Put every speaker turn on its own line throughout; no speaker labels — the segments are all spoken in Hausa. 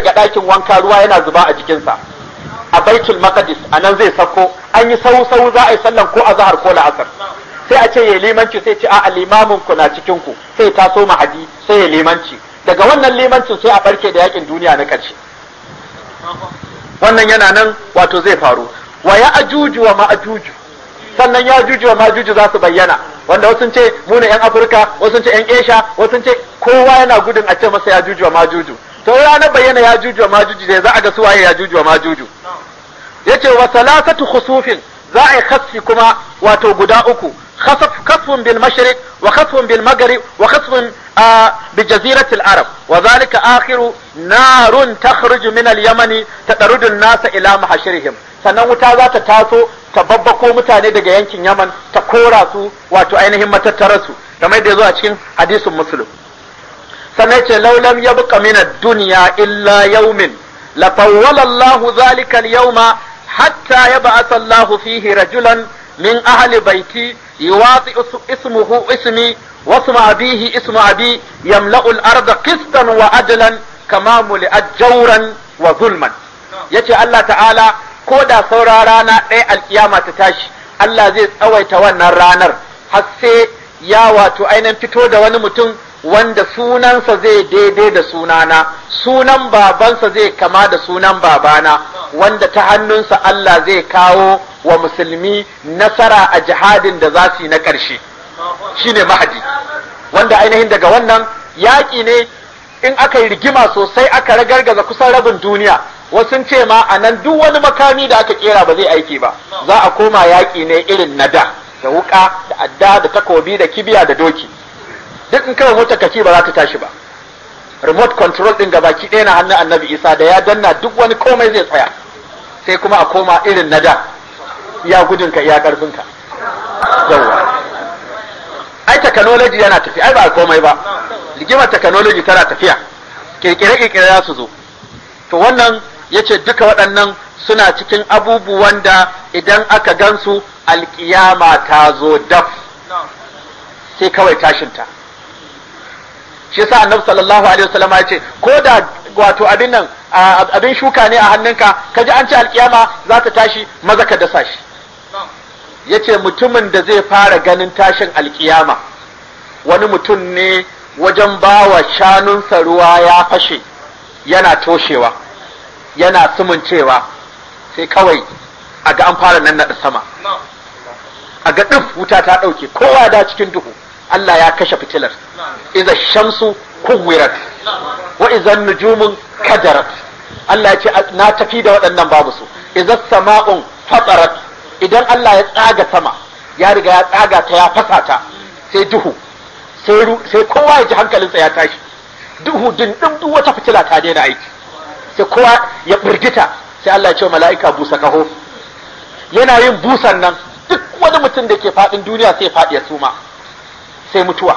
daga ɗakin wanka ruwa yana zuba a jikinsa a baitul maqdis anan zai sako an yi sau sau za a yi sallan ko azhar ko la'asar sai a ce ya limanci sai ce a limamin ku na cikin ku sai so mahadi sai ya limanci daga wannan limancin sai a barke da yakin duniya na ƙarshe wannan yana nan wato zai faru wa ya ajuju wa ma'ajuju sannan ya ajuju wa ma'ajuju za su bayyana wanda wasu ce mu ne yan afirka wasu ce yan esha wasu ce kowa yana gudun a ce masa ya ajuju wa ma'ajuju to ranar bayyana ya juju wa majuju da za a ga suwaye ya juju wa majuju yace wa salasatu khusufin za a yi khasfi kuma wato guda uku khasf khasfun bil mashriq wa khasfun bil maghrib wa khasfun bi jazirati al arab wa zalika akhiru narun takhruju min al yamani ta an nasa ila mahshirihim sannan wuta za ta taso ta babbako mutane daga yankin yaman ta kora su wato ainihin matattararsu kamar da yazo a cikin hadisin muslim سمعت لو لم يبق من الدنيا إلا يوم لطول الله ذلك اليوم حتى يبعث الله فيه رجلا من أهل بيتي يواطئ اسمه اسمي واسم أبيه اسم أبي يملأ الأرض قسطا وعدلا كما ملئت جورا وظلما يجي الله تعالى كودا صورا رانا اي القيامة تتاشي الله زيز اوي تونا الرانر حسي يا واتو اينا تتودا دواني wanda sunansa zai daidai da sunana sunan babansa zai kama da sunan babana wanda ta hannunsa Allah zai kawo wa musulmi nasara a jihadin da za su yi na ƙarshe shi ne mahadi wanda ainihin daga wannan yaƙi ne in aka yi rigima sosai aka ragargaza kusan rabin duniya wasu ce ma a nan duk wani makami da aka kera ba zai aiki ba za a koma yaƙi ne irin na da da wuƙa da adda da takobi da kibiya da doki duk in kawai motar kace ba za ta tashi ba remote control din gabaki ɗaya na hannun annabi isa da ya danna duk wani komai zai tsaya sai kuma a koma irin na da ya gudunka iya ka yawa ai technology yana tafi ai ba komai ba ligima technology tana tafiya kirkire-kirkire za su zo to wannan yace duka waɗannan suna cikin abubuwan da idan aka gansu alkiyama ta zo daf sai kawai tashinta shi yasa annabi sallallahu alaihi wasallam ya ce ko da wato abin nan abin shuka ne a hannunka ka ji an ci alkiyama za ta tashi maza ka dasa shi yace mutumin da zai fara ganin tashin alkiyama wani mutum ne wajen bawa shanunsa ruwa ya fashe yana toshewa yana sumuncewa sai kawai a ga an fara nan naɗa sama a ga wuta ta ɗauke kowa da cikin duhu Allah ya kashe fitilar iza shamsu kuwirat wa idza nujumun kadarat Allah ya ce na tafi da waɗannan babu su iza sama'un fatarat idan Allah ya tsaga sama ya riga ya tsaga ta ya fasa ta sai duhu sai kowa ya ji hankalinsa ya tashi duhu din duk wata fitila ta daina aiki sai kowa ya birgita sai Allah ya ce mala'ika busa kaho yana yin busan nan duk wani mutum da ke faɗin duniya sai faɗi ya suma sai mutuwa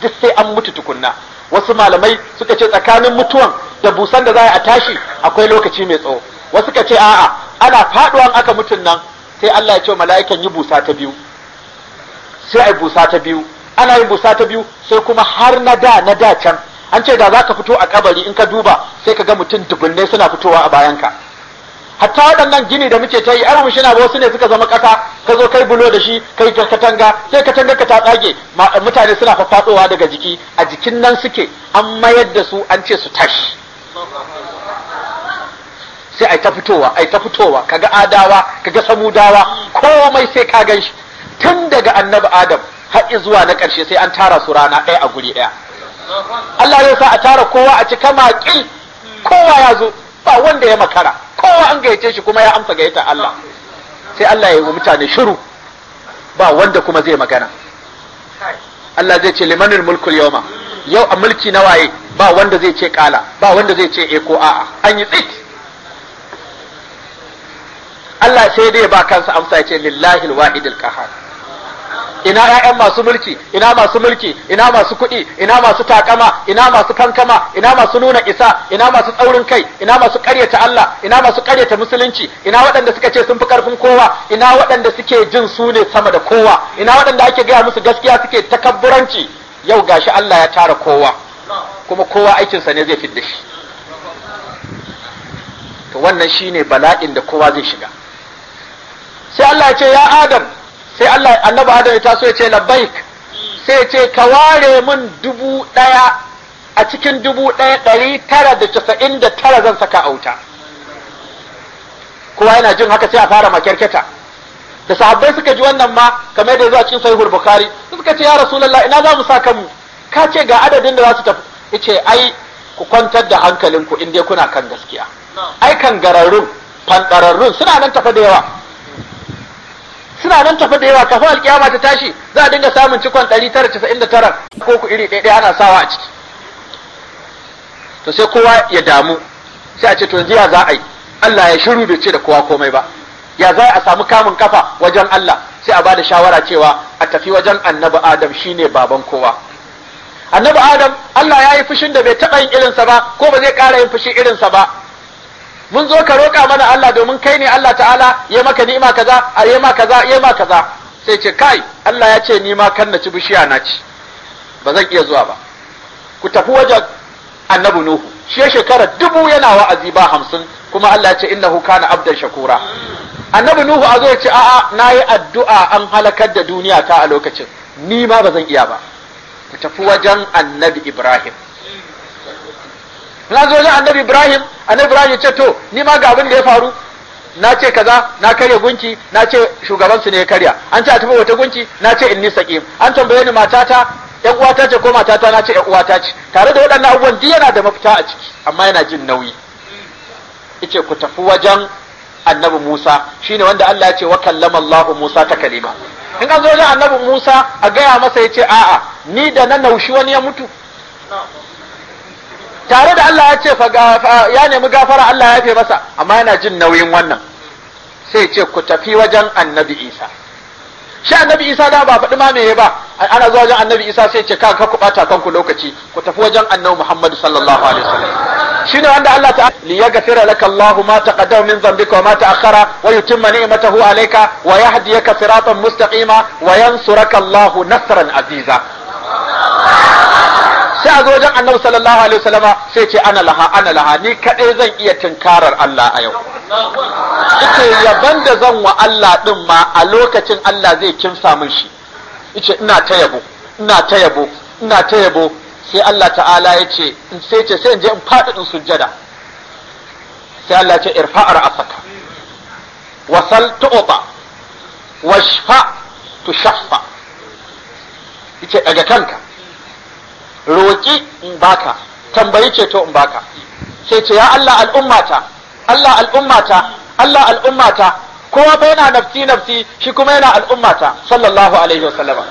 duk sai an mutu tukunna wasu malamai suka ce tsakanin mutuwan da busan da za a tashi akwai lokaci mai tsawo wasu ka ce a'a ana faɗuwan aka mutun nan sai Allah ya ce mala'ikan yi busa ta biyu sai ai busa ta biyu ana yin busa ta biyu sai kuma har na da na da can an ce da za ka fito a kabari in ka duba sai ka ga mutum dubunnai suna fitowa a bayanka hatta waɗannan gini da muke ta yi ai shina ba wasu ne suka zama ƙasa ka zo kai bulo da shi kai katanga sai katanga ka ta tsage mutane suna fafatsowa daga jiki a jikin nan suke an mayar da su an ce su tashi sai ai ta fitowa ai ta fitowa kaga adawa kaga samudawa komai sai ka gan shi tun daga annabi adam har zuwa na ƙarshe sai an tara su rana ɗaya a guri ɗaya Allah ya sa a tara kowa a cika maƙil kowa ya zo ba wanda ya makara kowa an gayyace shi kuma ya amsa gayyata Allah sai Allah ya yi wa mutane shiru ba wanda kuma zai magana Allah zai ce limanin mulkul yawma yau a mulki na waye ba wanda zai ce kala ba wanda zai ce eko eh a'a an yi tsit Allah sai dai ba kansa amsa ya ce lillahi alwahidul qahhar ina ƴaƴan masu mulki ina masu mulki ina masu kuɗi ina masu takama ina masu fankama ina masu nuna isa ina masu tsaurin kai ina masu ƙaryata Allah ina masu ƙaryata musulunci ina waɗanda suka ce sun fi ƙarfin kowa ina waɗanda suke jin su ne sama da kowa ina waɗanda ake gaya musu gaskiya suke takabburanci yau gashi Allah ya tara kowa kuma kowa aikinsa ne zai fidda shi to wannan shine bala'in da kowa zai shiga sai Allah ya ce ya Adam sai Allah annabi Adam ya taso ya ce labbaik sai ya ce ka ware min dubu ɗaya a cikin dubu ɗaya ɗari tara da casa'in da tara zan saka auta kowa yana jin haka sai a fara makyarketa da sahabbai suka ji wannan ma kamar da zuwa cikin sahihul bukhari suka ce ya rasulullah ina za mu sa kanmu ka ce ga adadin da za su tafi yace ai ku kwantar da hankalinku in dai kuna kan gaskiya ai kan gararrun fanɗararrun suna nan tafa da yawa suna nan tafi da yawa kafin alkiyama ta tashi za a dinga samun cikon ɗari 999 ko ku iri ɗaya ana sawa a ciki to sai kowa ya damu sai a ce to yanzu ya za a yi Allah ya shiru bai ce da kowa komai ba ya za a samu kamun kafa wajen Allah sai a ba da shawara cewa a tafi wajen annabi Adam shine baban kowa annabi Adam Allah ya yi fushin da bai taɓa yin irinsa ba ko ba zai ƙara yin fushin irinsa ba mun zo ka roƙa mana Allah domin kai ne Allah ta'ala ya maka ni'ima kaza a ma kaza ya ma kaza sai ce kai Allah ya ce ni ma kan na ci bishiya na ci ba zan iya zuwa ba ku tafi wajen annabi nuhu shi ya shekara dubu yana wa'azi ba hamsin kuma Allah ya ce innahu kana abdan shakura annabi nuhu a zo ya ce a'a nayi addu'a an halakar da duniya ta a lokacin ni ma ba zan iya ba ku tafi wajen annabi ibrahim na zo wajen annabi ibrahim annabi ibrahim ya ce to ni ma ga abin da ya faru na ce kaza na karya gunki na ce shugaban su ne ya karya an ce a tafi wata gunki na ce inni saqim an tambaye ni matata yan uwata ce ko matata na ce yan uwata ce tare da waɗannan abubuwan duk yana da mafita a ciki amma yana jin nauyi yace ku tafi wajen annabi Musa shine wanda Allah ya ce wa kallama Allah Musa ta kalima in an zo wajen annabi Musa a gaya masa yace a'a ni da na naushi wani ya mutu tare da Allah ya ce ya nemi gafara Allah ya yafe masa amma yana jin nauyin wannan sai ce ku tafi wajen annabi isa shi annabi isa da ba faɗi ma me ba ana zuwa wajen annabi isa sai ce ka ku bata kanku lokaci ku tafi wajen annabi muhammadu sallallahu alaihi wasallam shine wanda Allah ta li yaghfira laka Allah ma taqaddama min dhanbika wa ma ta'akhkhara wa yutimma ni'matahu alayka wa yahdiyaka siratan mustaqima wa yansuraka Allah nasran aziza wajen annabi sallallahu alaihi wasallama sai ce ana laha ana laha ni kadai zan iya tinkarar Allah a yau yace yaban da zan wa Allah din ma a lokacin Allah zai kimsa min shi yace ina ta yabo ina ta yabo ina ta yabo sai Allah ta'ala ya ce in sai ce sai in je in faɗi in sujjada sai Allah ya ce irfa'ar asaka wasal tu'ta washfa tushaffa yace daga kanka roƙi in baka tambayi ceto in baka sai ce ya Allah al'ummata Allah al'ummata Allah al'ummata kowa ba yana nafsi nafsi shi kuma yana al'ummata sallallahu alaihi sallama.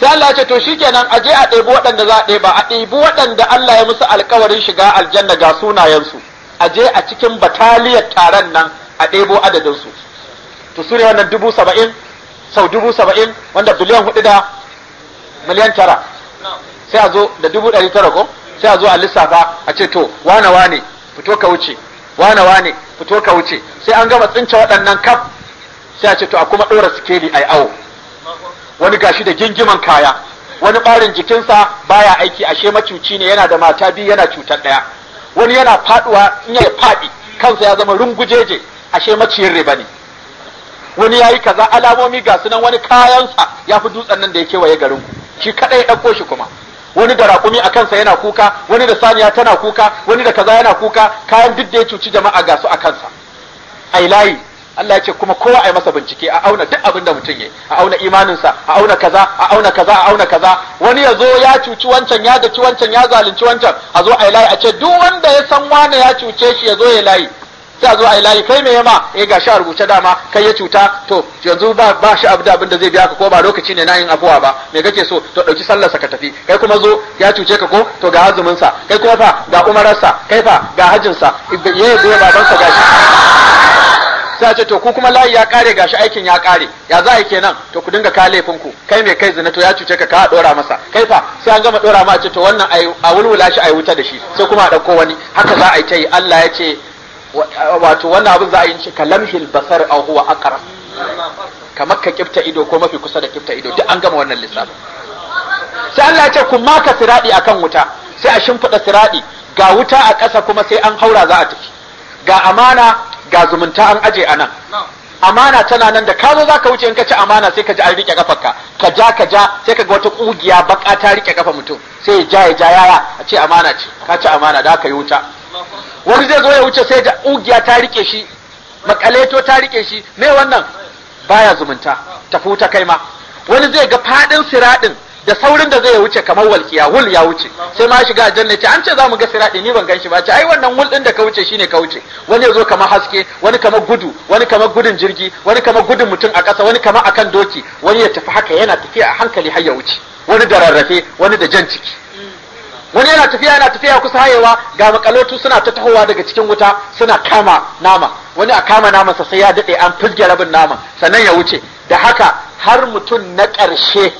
sai Allah ya ce to shikenan aje a ɗebi waɗanda za a ɗeba a ɗebi waɗanda Allah ya musu alƙawarin shiga aljanna ga sunayensu aje a cikin bataliyar taron nan a ɗebo adadinsu to su ne wannan dubu saba'in sau dubu saba'in wanda biliyan hudu da miliyan tara sai a zo da dubu ɗari tara ko sai a zo a lissafa a ce to wane wane fito ka wuce wane wane fito ka wuce sai an gama tsince waɗannan kaf sai a ce to a kuma ɗora sikeli a yi awo wani gashi da gingiman kaya wani ɓarin jikinsa baya aiki ashe macuci ne yana da mata biyu yana cutar ɗaya wani yana faɗuwa in ya faɗi kansa ya zama rungujeje ashe maciyin riba ne wani ya yi kaza alamomi ga sunan wani kayansa ya fi dutsen nan da ya kewaye garin ku shi kaɗai ya ɗauko shi kuma wani da raƙumi a kansa yana kuka wani da saniya tana kuka wani da kaza yana kuka kayan duk da ya cuci jama'a ga su a kansa ai layi Allah ya ce kuma kowa a yi masa bincike a auna duk abin da mutum ya a auna imaninsa a auna kaza a auna kaza a auna kaza wani ya zo ya cuci wancan ya daki wancan ya zalunci wancan a zo a layi a ce duk wanda ya san wane ya cuce shi ya zo ya layi sai zo ai layi kai me yama eh gashi a rubuce dama kai ya cuta to yanzu ba ba shi da abin da zai biya ka ko ba lokaci ne na yin afuwa ba me kake so to dauki sallar sa ka tafi kai kuma zo ya cuce ka ko to ga azumin sa kai kuma fa ga umarar sa kai fa ga hajin sa ya biya baban sa gashi sai ce to ku kuma layi ya kare gashi aikin ya kare ya za a yi kenan to ku dinga laifin ku kai me kai zina to ya cuce ka ka dora masa kai fa sai an gama dora ma a ce to wannan a wulwula shi a yi wuta da shi sai kuma a dauko wani haka za a yi ta yi Allah ya ce wato wannan abin za a yi ka lamhil basar a huwa akara kamar ka kifta ido ko mafi kusa da kifta ido duk an gama wannan lissafin sai Allah ya ce kuma ka siradi akan wuta sai a shimfiɗa siradi ga wuta a ƙasa kuma sai an haura za a tafi ga amana ga zumunta an aje anan amana tana nan da ka zo za ka wuce in ka ci amana sai ka ji an rike kafar ka ja ka ja sai ka ga wata kugiya baka ta rike kafa mutum sai ya ja ya ja yaya a ce amana ce ka ci amana da ka yi wuta wani zai zo ya wuce sai da ugiya ta rike shi makaleto ta rike shi me wannan baya zumunta tafi ta kai ma wani zai ga fadin siradin da saurin da zai wuce kamar walkiya, wul ya wuce sai ma shiga aljanna ce an ce za mu ga siradi ni ban ganshi ba ce ai wannan wul din da ka wuce shine ka wuce wani zo kamar haske wani kamar gudu wani kamar gudun jirgi wani kamar gudun mutum a ƙasa wani kamar akan doki wani ya tafi haka yana tafiya a hankali har ya wuce wani da rarrafe wani da jan ciki wani yana tafiya yana tafiya kusa hayewa ga makalotu suna ta tahowa daga cikin wuta suna kama nama wani a kama sa sai ya daɗe an fizge rabin naman sannan ya wuce da haka har mutum na ƙarshe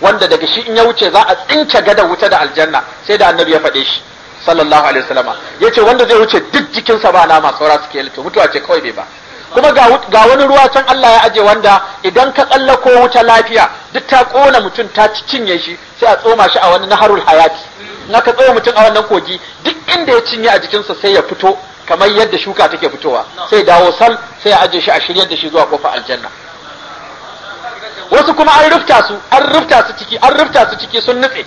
wanda daga shi in ya wuce za a tsince gadon wuta da aljanna sai da annabi ya faɗe shi sallallahu alaihi wasallama yace wanda zai wuce duk jikinsa ba nama saura suke lito mutuwa ce kawai bai ba kuma ga wani ruwa can Allah ya aje wanda idan ka tsallako wuta lafiya duk ta kona mutum ta cinye shi sai a tsoma shi a wani naharul hayati Na ka tsaya mutum a wannan kogi duk inda ya cinye a jikinsa sai ya fito kamar yadda shuka take fitowa sai dawo sal sai ya aje shi a shiryar da shi zuwa kofar aljanna wasu kuma an rufta su an rufta su ciki an rufta su ciki sun nutse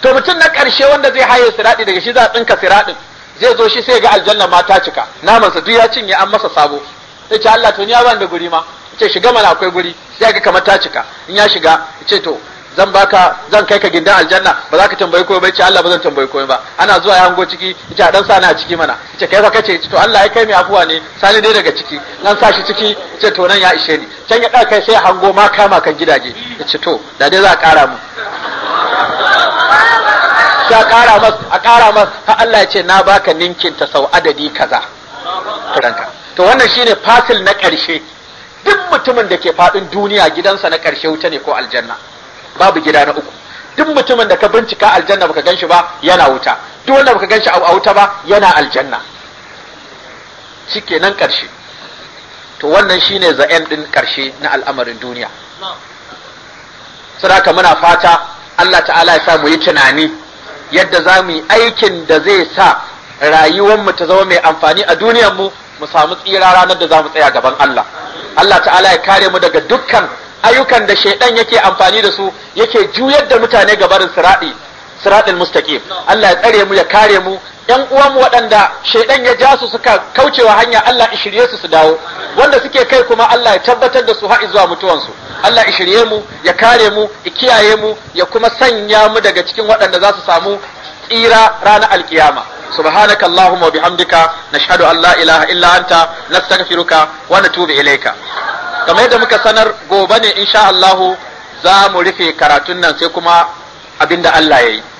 to mutum na ƙarshe wanda zai haye siradi daga shi za a tsinka siradin, zai zo shi sai ga aljanna ma ta cika namansa duk ya cinye an masa sabo sai ce Allah to ni ya ban da guri ma ce shiga mana akwai guri sai ga kamar ta cika in ya shiga ce to zan baka zan kai ka gindin aljanna ba za ka tambayi komai ba ce Allah ba zan tambayi komai ba ana zuwa ya hango ciki ce a dan sa ni a ciki mana ce kai fa kace to Allah ya kai mai afuwa ne sani dai daga ciki nan sa shi ciki ce to nan ya ishe ni can ya kai sai hango ma kama kan gidaje yace to da dai za a kara mu sai a kara mas a kara mas fa Allah ya ce na baka ninkin ta sau adadi kaza to wannan shine fasil na karshe duk mutumin da ke faɗin duniya gidansa na karshe wuta ne ko aljanna babu gida na uku duk mutumin da ka bincika aljanna baka ganshi ba yana wuta duk wanda baka ganshi a wuta ba yana aljanna shikenan karshe to wannan shine za end din karshe na al'amarin duniya sadaka muna fata Allah ta'ala ya sa mu yi tunani yadda za mu yi aikin da zai sa rayuwar mu ta zama mai amfani a duniyarmu mu samu tsira ranar da za mu tsaya gaban Allah Allah ta'ala ya kare mu daga dukkan ayyukan da shaidan yake amfani da su yake juyar da mutane barin siradi siratul mustaqim Allah ya tsare mu ya kare mu yan uwanmu waɗanda shaidan ya ja su suka kaucewa hanya Allah ya shirye su su dawo wanda suke kai kuma Allah ya tabbatar da su har zuwa su Allah ya shirye mu ya kare mu ya kiyaye mu ya kuma sanya mu daga cikin waɗanda za su samu tsira ranar alkiyama سبحانك اللهم وبحمدك نشهد an لا ilaha illa anta نستغفرك wa natubu kamar yadda muka sanar gobe ne insha allahu za mu rufe karatun nan sai kuma abinda Allah ya yi